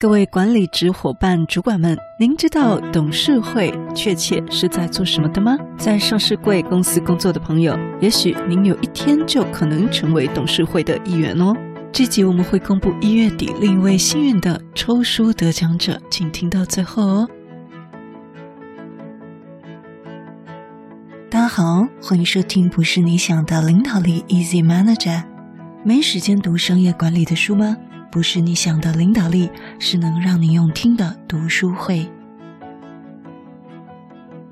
各位管理職伙伴、主管們，您知道董事會確切是在做什麼的嗎？在上市櫃公司工作的朋友，也許您有一天就可能成為董事會的一員哦。這集我們會公布一月底另一位幸運的抽書得獎者，請聽到最後哦。大家好，歡迎收聽《不是你想的領導力》，Easy Manager。沒時間讀商業管理的書嗎？不是你想的領導力，是能讓你用聽的讀書會。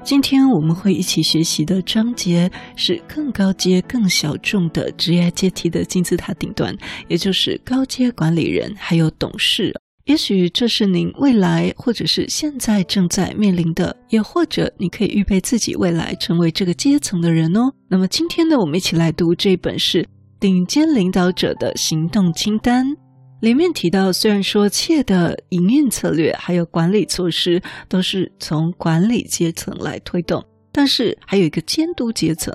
今天我們會一起學習的章節是更高階、更小眾的職業階階梯的金字塔頂端，也就是高階管理人還有董事。也許這是您未來或者是現在正在面臨的，也或者你可以預備自己未來成為這個階層的人哦。那麼今天呢，我們一起來讀這本是《頂尖領導者的行動清單》。裡面提到，雖然說企業的營運策略還有管理措施都是從管理階層來推動，但是還有一個監督階層，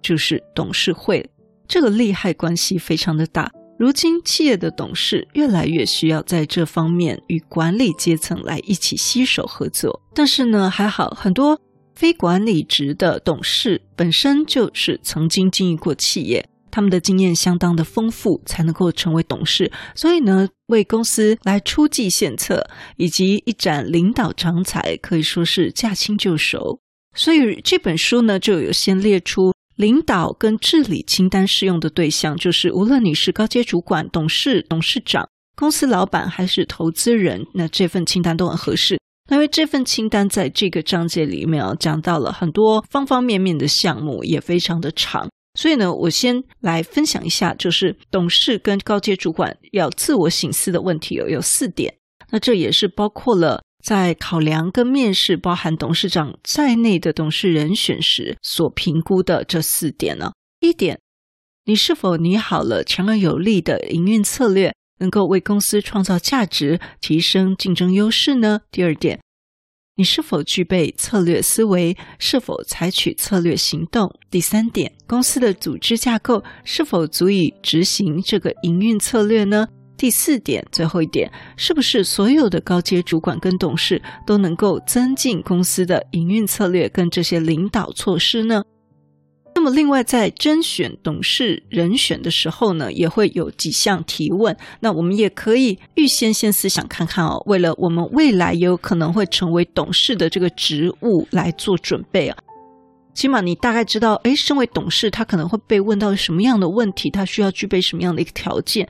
就是董事會。這個利害關係非常的大。如今企業的董事越來越需要在這方面與管理階層來一起攜手合作。但是呢，還好很多非管理職的董事本身就是曾經經營過企業。他們的經驗相當的豐富，才能夠成為董事，所以呢，為公司來出計獻策，以及一展領導長才，可以說是駕輕就熟。所以這本書呢，就有先列出領導跟治理清單適用的對象，就是無論你是高階主管、董事、董事長、公司老闆，還是投資人，那這份清單都很合適。因為這份清單在這個章節裡面，啊，講到了很多方方面面的項目，也非常的長。所以呢，我先來分享一下，就是董事跟高階主管要自我省思的問題有有四點。那這也是包括了在考量跟面試，包含董事長在內的董事人選時所評估的這四點呢。一點，你是否擬好了強而有力的營運策略，能夠為公司創造價值，提升競爭優勢呢？第二點。你是否具備策略思維？是否採取策略行動？第三點，公司的組織架構是否足以執行這個營運策略呢？第四點，最後一點，是不是所有的高階主管跟董事都能夠增進公司的營運策略跟這些領導措施呢？那麼，另外在甄選董事人選的時候呢，也會有幾項提問。那我們也可以預先先思想看看哦，為了我們未來有可能會成為董事的這個職務來做準備啊。起碼你大概知道，哎，身為董事，他可能會被問到什麼樣的問題，他需要具備什麼樣的一個條件。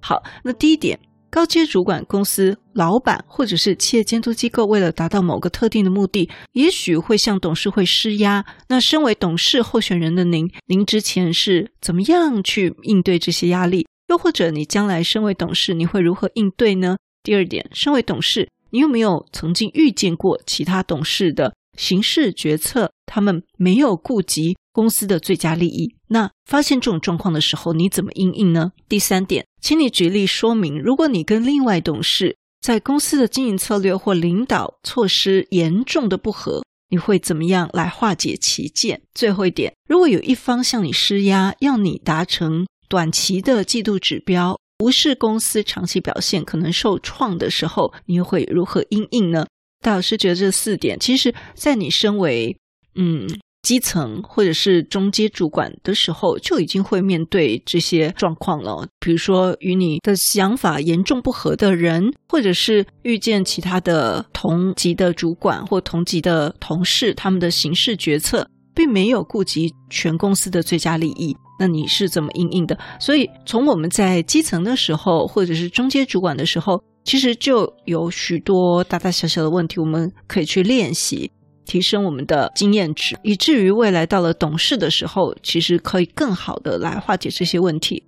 好，那第一點。高階主管、公司老板或者是企業監督機構，為了達到某個特定的目的，也許會向董事會施壓。那身為董事候選人的您，您之前是怎麼樣去應對這些壓力？又或者你將來身為董事，你會如何應對呢？第二點，身為董事，你有沒有曾經遇見過其他董事的行事決策，他們沒有顧及公司的最佳利益？那發現這種狀況的時候，你怎麼因應呢？第三點，請你舉例說明，如果你跟另外董事在公司的經營策略或領導措施嚴重的不合，你會怎麼樣來化解歧見？最後一點，如果有一方向你施壓，要你達成短期的季度指標，無視公司長期表現可能受創的時候，你又會如何因應呢？大老師覺得這四點，其實，在你身為嗯。基層或者是中階主管的時候，就已經會面對這些狀況了。比如說，與你的想法嚴重不合的人，或者是遇見其他的同級的主管或同級的同事，他們的行事決策並沒有顧及全公司的最佳利益，那你是怎麼因應的？所以，從我們在基層的時候，或者是中階主管的時候，其實就有許多大大小小的問題，我們可以去練習。提升我們的經驗值，以至於未來到了董事的時候，其實可以更好的來化解這些問題。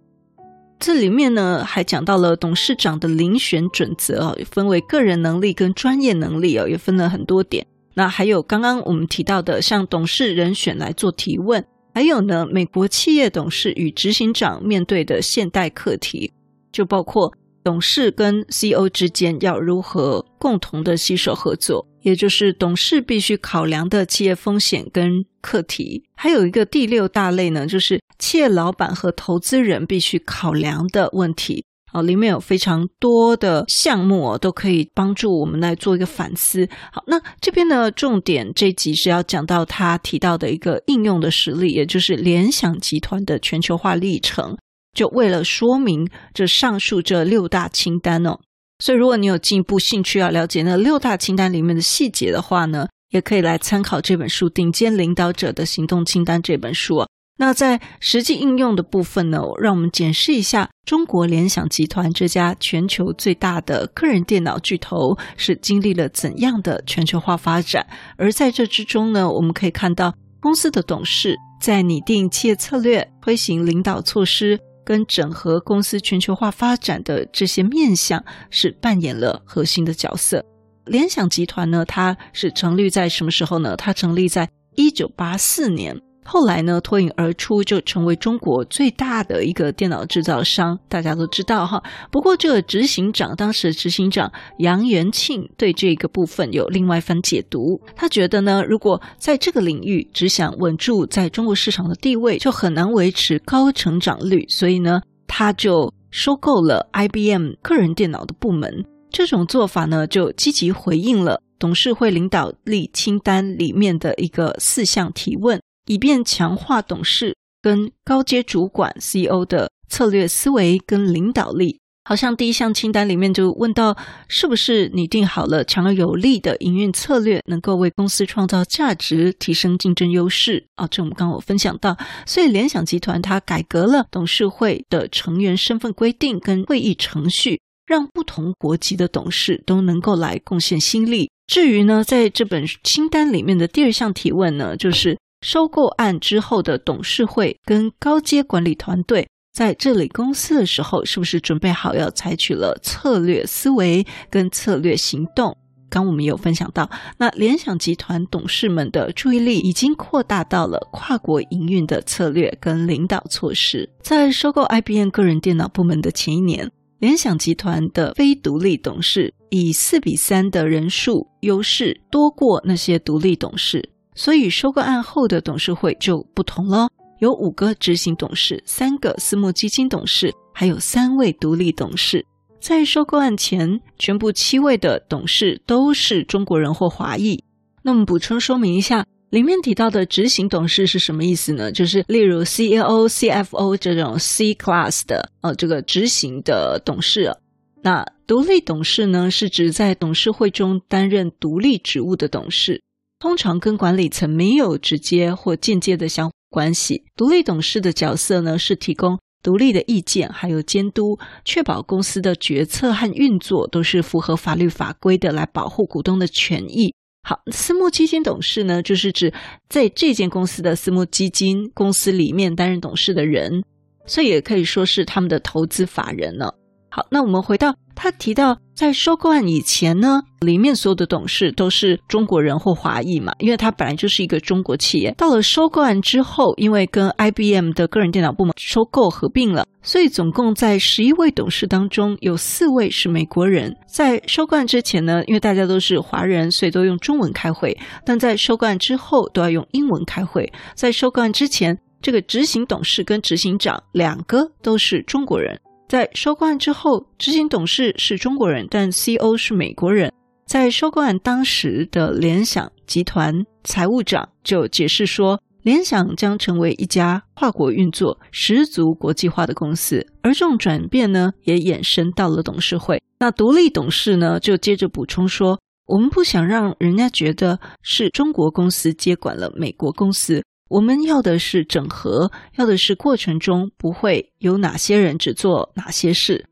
這裡面呢，還講到了董事長的遴選準則，哦，分為個人能力跟專業能力，哦，也分了很多點。那還有剛剛我們提到的，向董事人選來做提問，還有呢，美國企業董事與執行長面對的現代課題，就包括。董事跟 CEO 之間要如何共同的攜手合作，也就是董事必須考量的企業風險跟課題，還有一個第六大類呢，就是企業老闆和投資人必須考量的問題。好，裡面有非常多的項目哦，都可以幫助我們來做一個反思。好，那這邊呢，重點這集是要講到他提到的一個應用的實例，也就是聯想集團的全球化歷程。就為了說明這上述這六大清單哦，所以如果你有進一步興趣要了解那六大清單裡面的細節的話呢，也可以來參考這本書《頂尖領導者的行動清單》這本書啊，那在實際應用的部分呢，讓我們檢視一下中國聯想集團這家全球最大的個人電腦巨頭是經歷了怎樣的全球化發展，而在這之中呢，我們可以看到公司的董事在擬定企業策略、推行領導措施，跟整合公司全球化發展的這些面向，是扮演了核心的角色。聯想集團呢，它是成立在什麼時候呢？它成立在一九八四年。後來呢，脫穎而出就成為中國最大的一個電腦製造商，大家都知道哈。不過，這個執行長當時執行長楊元慶對這個部分有另外一番解讀，他覺得呢，如果在這個領域只想穩住在中國市場的地位，就很難維持高成長率。所以呢，他就收購了 IBM 個人電腦的部門。這種做法呢，就積極回應了董事會領導力清單裡面的一個四項提問，以便強化董事跟高階主管 CEO 的策略思維跟領導力，好像第一項清單裡面就問到，是不是擬定好了強而有力的營運策略，能夠為公司創造價值，提升競爭優勢啊，哦？這我們剛剛我分享到，所以聯想集團它改革了董事會的成員身份規定跟會議程序，讓不同國籍的董事都能夠來貢獻心力。至於呢，在這本清單裡面的第二項提問呢，就是。收購案之後的董事會跟高階管理團隊在治理公司的時候，是不是準備好要採取了策略思維跟策略行動？剛我們有分享到，那聯想集團董事們的注意力已經擴大到了跨國營運的策略跟領導措施。在收購 IBM 個人電腦部門的前一年，聯想集團的非獨立董事以四比三的人數優勢多過那些獨立董事。所以收購案後的董事會就不同了，有五個執行董事，三個私募基金董事，還有三位獨立董事。在收購案前，全部七位的董事都是中國人或華裔。那麼補充說明一下，裡面提到的執行董事是什麼意思呢？就是例如 CEO、CFO 這種 C class 的，呃，這個執行的董事啊。那獨立董事呢，是指在董事會中擔任獨立職務的董事。通常跟管理層沒有直接或間接的相關係。獨立董事的角色呢，是提供獨立的意見，還有監督，確保公司的決策和運作都是符合法律法規的，來保護股東的權益。好，私募基金董事呢，就是指在這間公司的私募基金公司裡面擔任董事的人，所以也可以說是他們的投資法人了。好，那我們回到他提到，在收購案以前呢，裡面所有的董事都是中國人或華裔嘛，因為它本來就是一個中國企業。到了收購案之後，因為跟 IBM 的個人電腦部門收購合併了，所以總共在十一位董事當中有四位是美國人。在收購案之前呢，因為大家都是華人，所以都用中文開會；但在收購案之後，都要用英文開會。在收購案之前，這個執行董事跟執行長兩個都是中國人。在收購案之後，執行董事是中國人，但 CEO 是美國人。在收購案當時的聯想集團財務長就解釋說，聯想將成為一家跨國運作、十足國際化的公司。而這種轉變呢，也衍生到了董事會。那獨立董事呢，就接着補充說，我們不想讓人家覺得是中國公司接管了美國公司。我們要的是整合，要的是過程中不會有哪些人只做哪些事。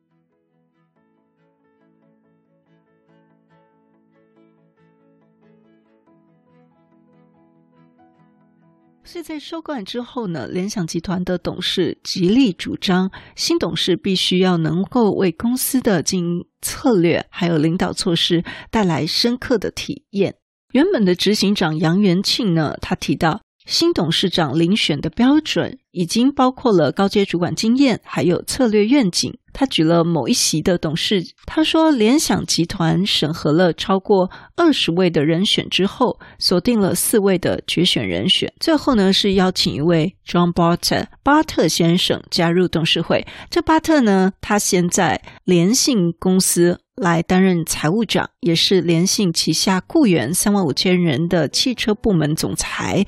所以在收購案之後呢，聯想集團的董事極力主張，新董事必須要能夠為公司的經營策略還有領導措施帶來深刻的體驗。原本的執行長楊元慶呢，他提到。新董事長遴選的標準已經包括了高階主管經驗，還有策略願景。他舉了某一席的董事，他說：聯想集團審核了超過二十位的人選之後，鎖定了四位的決選人選。最後呢，是邀請一位 John Barton 巴特先生加入董事會。這巴特呢，他現在聯信公司來擔任財務長，也是聯信旗下僱員三萬五千人的汽車部門總裁。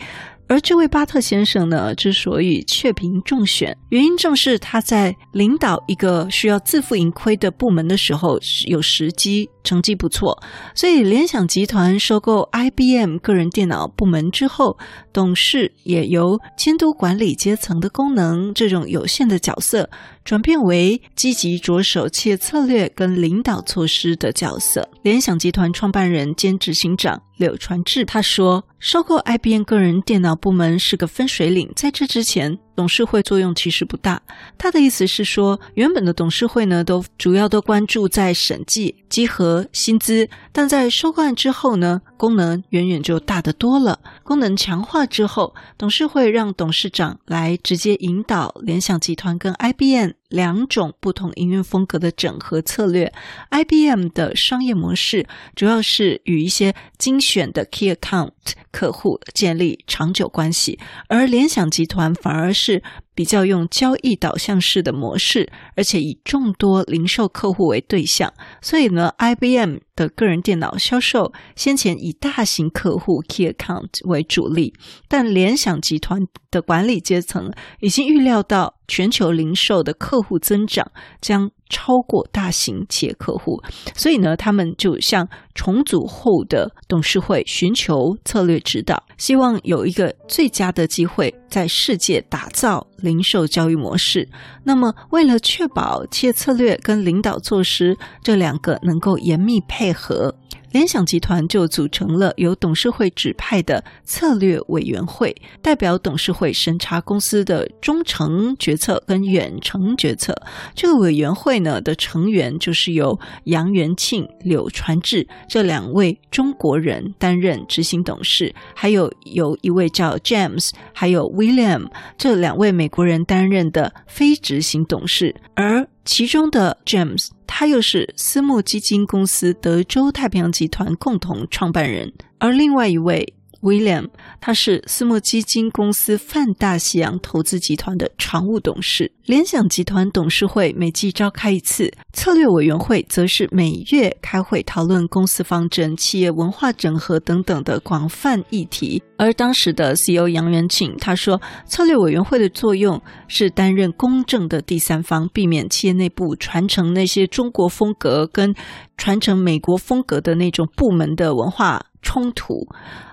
而這位巴特先生呢，之所以雀屏中選，原因正是他在領導一個需要自負盈虧的部門的時候，有時機。成績不錯，所以聯想集團收購 IBM 個人電腦部門之後，董事也由監督管理階層的功能這種有限的角色，轉變為積極着手企業策略跟領導措施的角色。聯想集團創辦人兼執行長柳傳志他說，收購 IBM 個人電腦部門是個分水嶺，在這之前。董事會作用其實不大，他的意思是說，原本的董事會呢，都主要都關注在審計、稽核、薪資，但在收購案之後呢，功能遠遠就大得多了。功能強化之後，董事會讓董事長來直接引導聯想集團跟 IBM。兩種不同營運風格的整合策略，IBM 的商業模式主要是與一些精選的 key account 客戶建立長久關係，而聯想集團反而是。比較用交易導向式的模式，而且以眾多零售客戶為對象，所以呢，IBM 的個人電腦銷售先前以大型客戶 Key Account 為主力，但聯想集團的管理階層已經預料到全球零售的客戶增長將。超過大型企業客戶，所以呢，他們就向重組後的董事會尋求策略指導，希望有一個最佳的機會在世界打造零售交易模式。那麼，為了確保企業策略跟領導措施這兩個能夠嚴密配合。聯想集團就組成了由董事會指派的策略委員會，代表董事會審查公司的中層決策跟遠程決策。這個委員會呢的成員就是由楊元慶、柳傳志這兩位中國人擔任執行董事，還有有一位叫 James，還有 William 這兩位美國人擔任的非執行董事，而。其中的 James，他又是私募基金公司德州太平洋集團共同創辦人，而另外一位，William，他是私募基金公司泛大西洋投資集團的常務董事。聯想集團董事會每季召開一次，策略委員會則是每月開會討論公司方針、企業文化整合等等的廣泛議題。而當時的 CEO 楊元慶他說：“策略委員會的作用是擔任公正的第三方，避免企業內部傳承那些中國風格跟傳承美國風格的那種部門的文化。”衝突，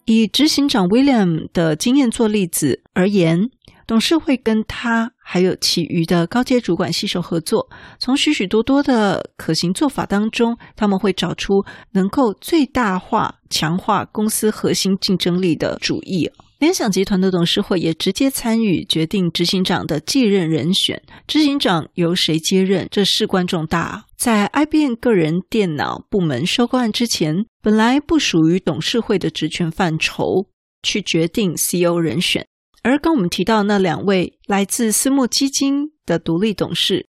以執行長 William 的經驗做例子而言，董事會跟他還有其餘的高階主管攜手合作，從許許多多的可行做法當中，他們會找出能夠最大化強化公司核心競爭力的主意。聯想集團的董事會也直接參與決定執行長的繼任人選，執行長由誰接任，這事關重大。在 IBM 個人電腦部門收購案之前，本來不屬於董事會的職權範疇，去決定 CEO 人選。而剛我們提到那兩位來自私募基金的獨立董事，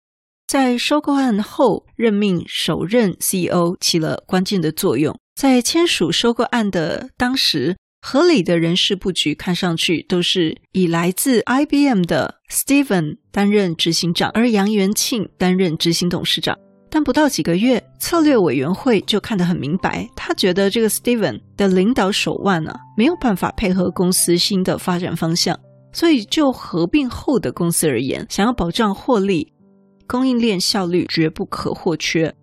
在收購案後任命首任 CEO 起了關鍵的作用。在簽署收購案的當時，合理的人事布局，看上去都是以來自 IBM 的 Stephen 擔任執行長，而楊元慶擔任執行董事長。但不到幾個月，策略委員會就看得很明白，他覺得這個 Stephen 的領導手腕呢、啊，沒有辦法配合公司新的發展方向。所以就合併後的公司而言，想要保障獲利，供應鏈效率絕不可或缺。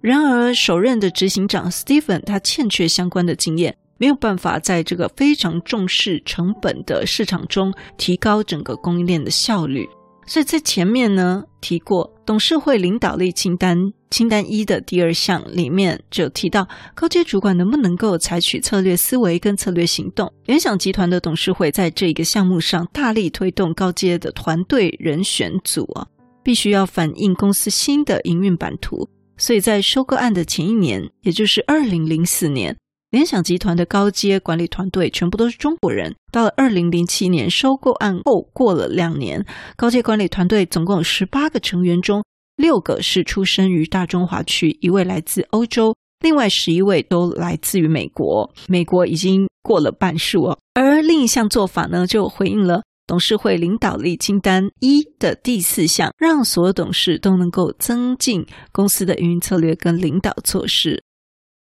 然而，首任的執行長 Stephen 他欠缺相關的經驗。沒有辦法在這個非常重視成本的市場中提高整個供應鏈的效率，所以在前面呢提過董事會領導力清單，清單一的第二項裡面就提到高階主管能不能夠採取策略思維跟策略行動。聯想集團的董事會在這一個項目上大力推動高階的團隊人選組啊，必須要反映公司新的營運版圖。所以在收購案的前一年，也就是二零零四年。聯想集團的高階管理團隊全部都是中國人。到了二零零七年收購案後，過了兩年，高階管理團隊總共有十八個成員中，六個是出生於大中華區，一位來自歐洲，另外十一位都來自於美國。美國已經過了半數哦。而另一項做法呢，就回應了董事會領導力清單一的第四項，讓所有董事都能夠增進公司的運營策略跟領導措施。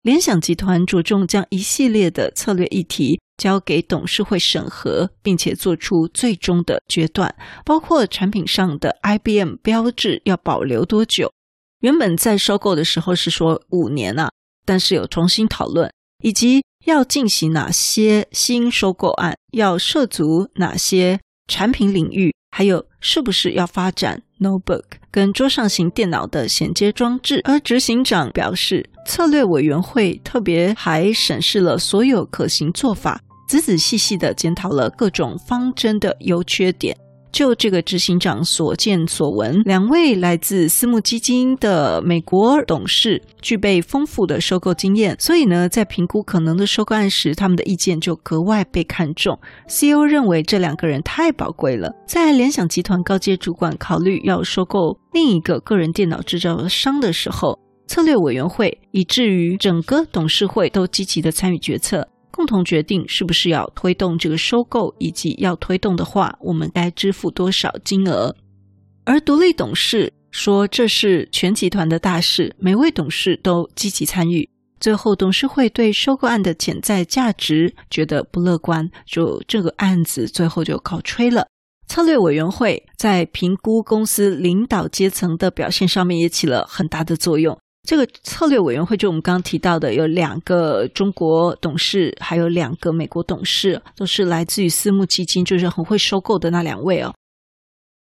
聯想集團着重將一系列的策略議題交給董事會審核，並且做出最終的決斷，包括產品上的 IBM 標誌要保留多久。原本在收購的時候是說五年啊，但是有重新討論，以及要進行哪些新收購案，要涉足哪些產品領域，還有是不是要發展 Notebook 跟桌上型電腦的銜接裝置。而執行長表示。策略委員會特別還審視了所有可行做法，仔仔細細地檢討了各種方針的優缺點。就這個執行長所見所聞，兩位來自私募基金的美國董事具備豐富的收購經驗，所以呢，在評估可能的收購案時，他們的意見就格外被看重。CEO 認為這兩個人太寶貴了。在聯想集團高階主管考慮要收購另一個個人電腦製造商的時候。策略委員會，以至於整個董事會都積極地參與決策，共同決定是不是要推動這個收購，以及要推動的話，我們該支付多少金額。而獨立董事說這是全集團的大事，每位董事都積極參與。最後，董事會對收購案的潛在價值覺得不樂觀，就這個案子最後就告吹了。策略委員會在評估公司領導階層的表現上面也起了很大的作用。這個策略委員會就我們剛剛提到的，有兩個中國董事，還有兩個美國董事，都是來自於私募基金，就是很會收購的那兩位哦。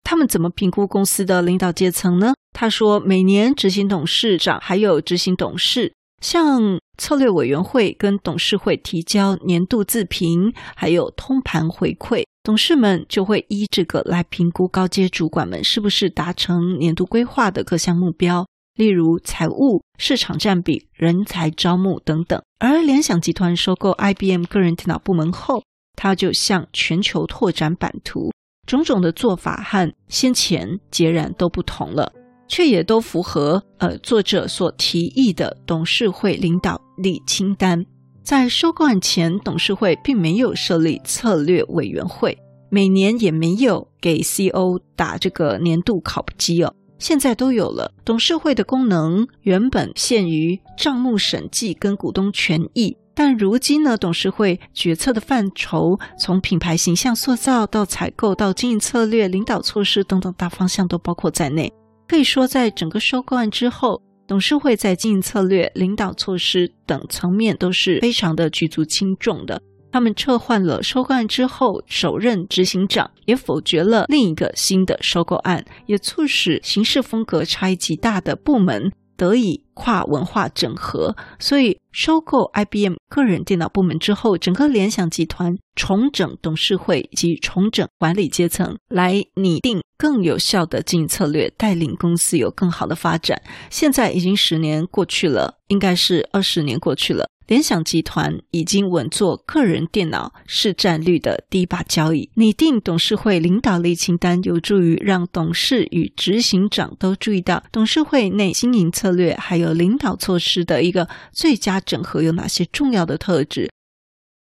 他們怎麼評估公司的領導階層呢？他說，每年執行董事長還有執行董事向策略委員會跟董事會提交年度自評，還有通盤回饋，董事們就會依這個來評估高階主管們是不是達成年度規劃的各項目標。例如財務、市場佔比、人才招募等等，而聯想集團收購 IBM 個人電腦部門後，它就向全球拓展版圖，種種的做法和先前截然都不同了，卻也都符合呃作者所提議的董事會領導力清單。在收購案前，董事會並沒有設立策略委員會，每年也沒有給 CEO 打這個年度考績哦。現在都有了，董事會的功能原本限於賬目審計跟股東權益，但如今呢，董事會決策的範疇從品牌形象塑造到採購到經營策略、領導措施等等大方向都包括在內。可以說，在整個收購案之後，董事會在經營策略、領導措施等層面都是非常的舉足輕重的。他們撤換了收購案之後首任執行長，也否決了另一個新的收購案，也促使行事風格差異極大的部門得以跨文化整合。所以，收購 IBM 個人電腦部門之後，整個聯想集團重整董事會及重整管理階層，來擬定更有效的經營策略，帶領公司有更好的發展。現在已經十年過去了，應該是二十年過去了。聯想集團已經穩坐個人電腦市占率的第一把交椅。擬定董事會領導力清單，有助於讓董事與執行長都注意到董事會內經營策略還有領導措施的一個最佳整合有哪些重要的特質。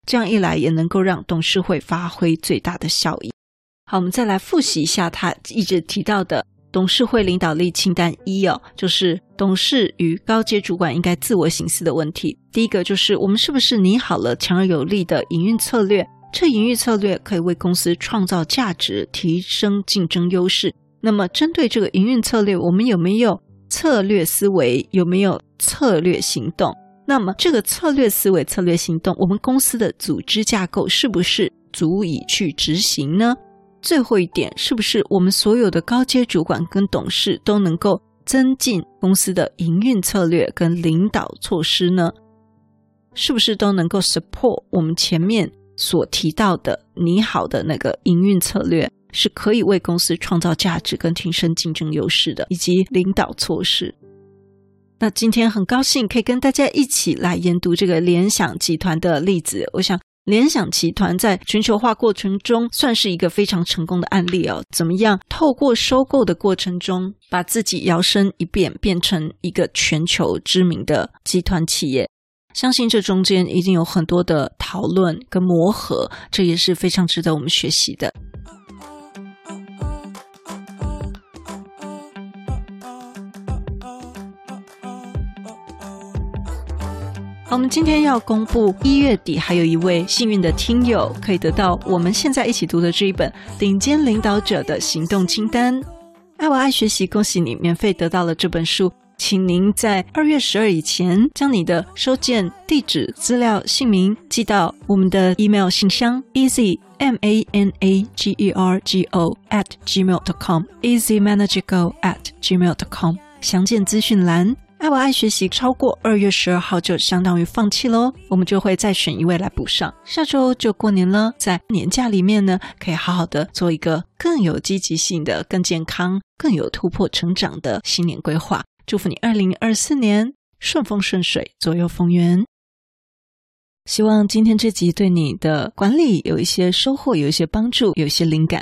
這樣一來，也能夠讓董事會發揮最大的效益。好，我們再來複習一下他一直提到的。董事會領導力清單一，哦，就是董事與高階主管應該自我省思的問題。第一個就是我們是不是擬好了強而有力的營運策略？這營運策略可以為公司創造價值，提升競爭優勢。那麼針對這個營運策略，我們有沒有策略思維？有沒有策略行動？那麼這個策略思維、策略行動，我們公司的組織架構是不是足以去執行呢？最後一點，是不是我們所有的高階主管跟董事，都能夠增進公司的營運策略跟領導措施呢？是不是都能夠 support 我們前面所提到的你好的那個營運策略，是可以為公司創造價值跟提升競爭優勢的，以及領導措施？那今天很高興可以跟大家一起來研讀這個聯想集團的例子，我想。聯想集團在全球化過程中算是一個非常成功的案例哦。怎麼樣透過收購的過程中，把自己搖身一變，變成一個全球知名的集團企業？相信這中間一定有很多的討論跟磨合，這也是非常值得我們學習的。好，我們今天要公布一月底，還有一位幸運的聽友可以得到我們現在一起讀的這一本《頂尖領導者的行動清單》。艾娃愛學習，恭喜你，免費得到了這本書。請您在二月十二以前將你的收件地址、資料、姓名寄到我們的 email 信箱：e a s y m a n a g e r g o at gmail dot com，e a s y m a n a g e r go at gmail dot com。詳見資訊欄。艾娃愛學習，超過二月十二號就相當於放棄嘍，我們就會再選一位來補上。下周就過年了，在年假裡面呢，可以好好的做一個更有積極性的、更健康、更有突破成長的新年規劃。祝福你二零二四年順風順水，左右逢源。希望今天這集對你的管理有一些收穫，有一些幫助，有一些靈感。